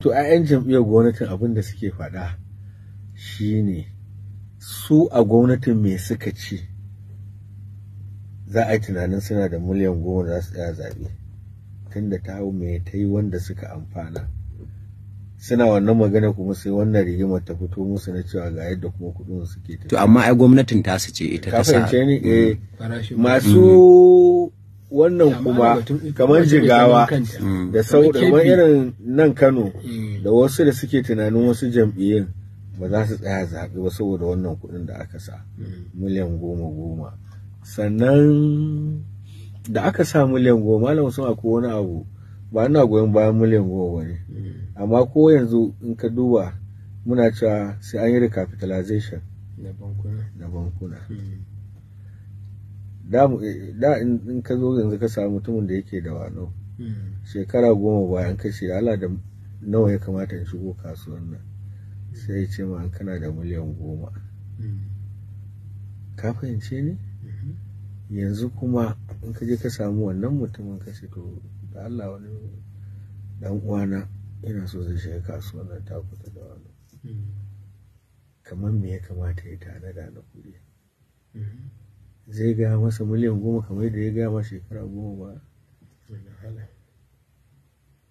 to a 'yan jam'iyyar gwamnatin abin da suke faɗa shine su a gwamnatin me suka ci za a yi tunanin suna da miliyan goma za su tsaya zaɓe tunda ta hau me ta yi wanda suka amfana suna wannan magana kuma sai wannan rigimar ta fito musu na cewa ga yadda kuma kuɗin suke to amma ai gwamnatin ta su ce ita ta sa eh, mm. masu mm. wannan kuma kamar jigawa mm. Mm. da sauran irin nan kano eh. da wasu da suke tunanin wasu jam'iyyun ba za su tsaya zaɓe ba saboda wannan kuɗin da aka sa mm. miliyan goma goma sannan da aka sa miliyan goma malam musamman ko wani abu ba na goyon bayan miliyan goma ba ne amma ko yanzu in ka duba muna cewa sai an yi recapitalization na bankuna da eh, in ka zo yanzu ka samu mutumin da yake da wano hmm. shekara goma bayan kashe ala da nawa ya kamata in shigo kasuwan nan sai ya ce ma kana da miliyan goma hmm. ka fahimce ne hmm. yanzu kuma in ka je ka samu wannan mutumin kashe to da Allah wani dan uwana yana so zai shiga kasuwan nan ta kuta da wano. kamar me ya kamata ya da na kuɗi zai gaya masa miliyan goma kamar yadda ya gaya ma shekara goma ba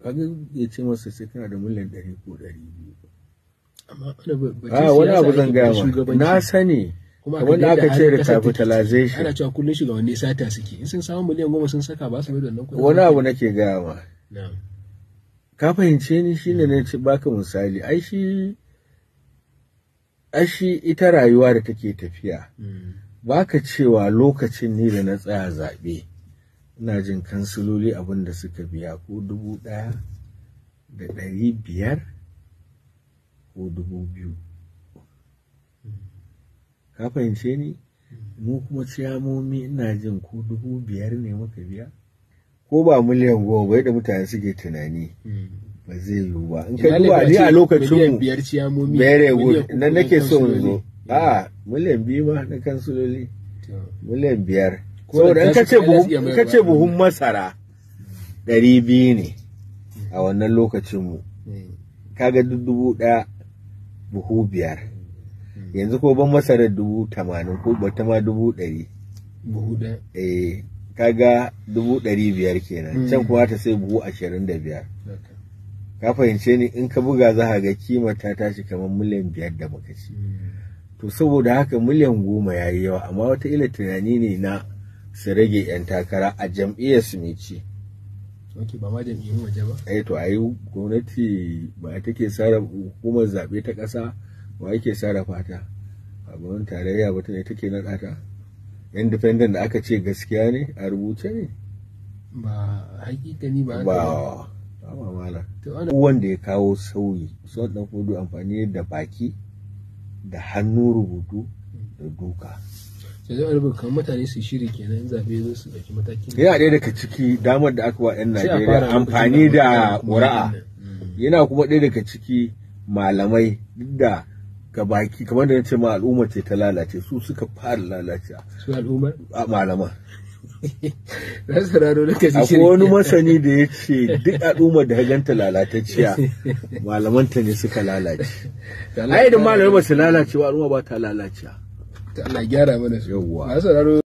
kaga ya ce masa sai kana da miliyan ɗari ko ɗari biyu a wani ah, abu zan gaya ma na sani wanda aka ce da capitalization ana cewa kullum shugabanni sata suke in sun samu miliyan goma sun saka ba su mai da wannan kuɗi wani abu nake gaya ma ka fahimce ni shine ne ce baka misali ai shi ai shi ita rayuwa da take tafiya mm. baka cewa lokacin ne da na tsaya zaɓe ina jin kansiloli abin da suka biya ko dubu ɗaya da ɗari biyar ko dubu biyu ka fahimce ni mu kuma ciyamomi ina jin ko dubu biyar ne muka biya ko ba miliyan goma bai da mutane suke tunani ba zai yiwu ba in ka duba a lokacin mu biyar ciyamomi na nake so zo a miliyan biyu ba na kansuloli miliyan biyar ko in ka ce buhun masara ɗari biyu ne a wannan lokacinmu hmm. kaga duk dubu ɗaya buhu biyar hmm. yanzu ko ban masara dubu tamanin ko bata ma dubu ɗari buhu ɗaya eh kaga dubu ɗari biyar kenan hmm. can kuma ta sai buhu ashirin da biyar ka fahimce ni in ka buga za ka ga kima ta tashi kamar miliyan biyar da muka ci to saboda haka miliyan goma ya yi yawa amma wata ila tunani ne na su rage 'yan takara a jam'iyyar su mai ci ok ba ma jam'iyyar waje ba eh to ayi gwamnati ba ke sarrafa hukumar zaɓe ta ƙasa ba yake sarrafa ta a gwamnatin tarayya ba ta ne take naɗa ta independent da aka ce gaskiya ne a rubuce ne ba hakikani ba ba ba ya kawo sauyi sun ɗan kudu amfani da baki da hannu rubutu da duka yanzu alibin kan mutane su shiri kenan zaɓe zai su ɗauki matakin yana ɗaya daga ciki damar da aka wa 'yan najeriya amfani da ƙura'a mm. yana kuma ɗaya daga ciki malamai duk da gabaki kamar da na ce ma al'umma ce ta lalace su suka fara lalace su al'umma malama na sauraro shirin. akwai wani masani da ya ce duk al'ummar da ganta lalatacciya malamanta ne suka lalace ai da malamai ba su lalace ba al'umma ba ta lalace Allah gyara mana su yawwa na sauraro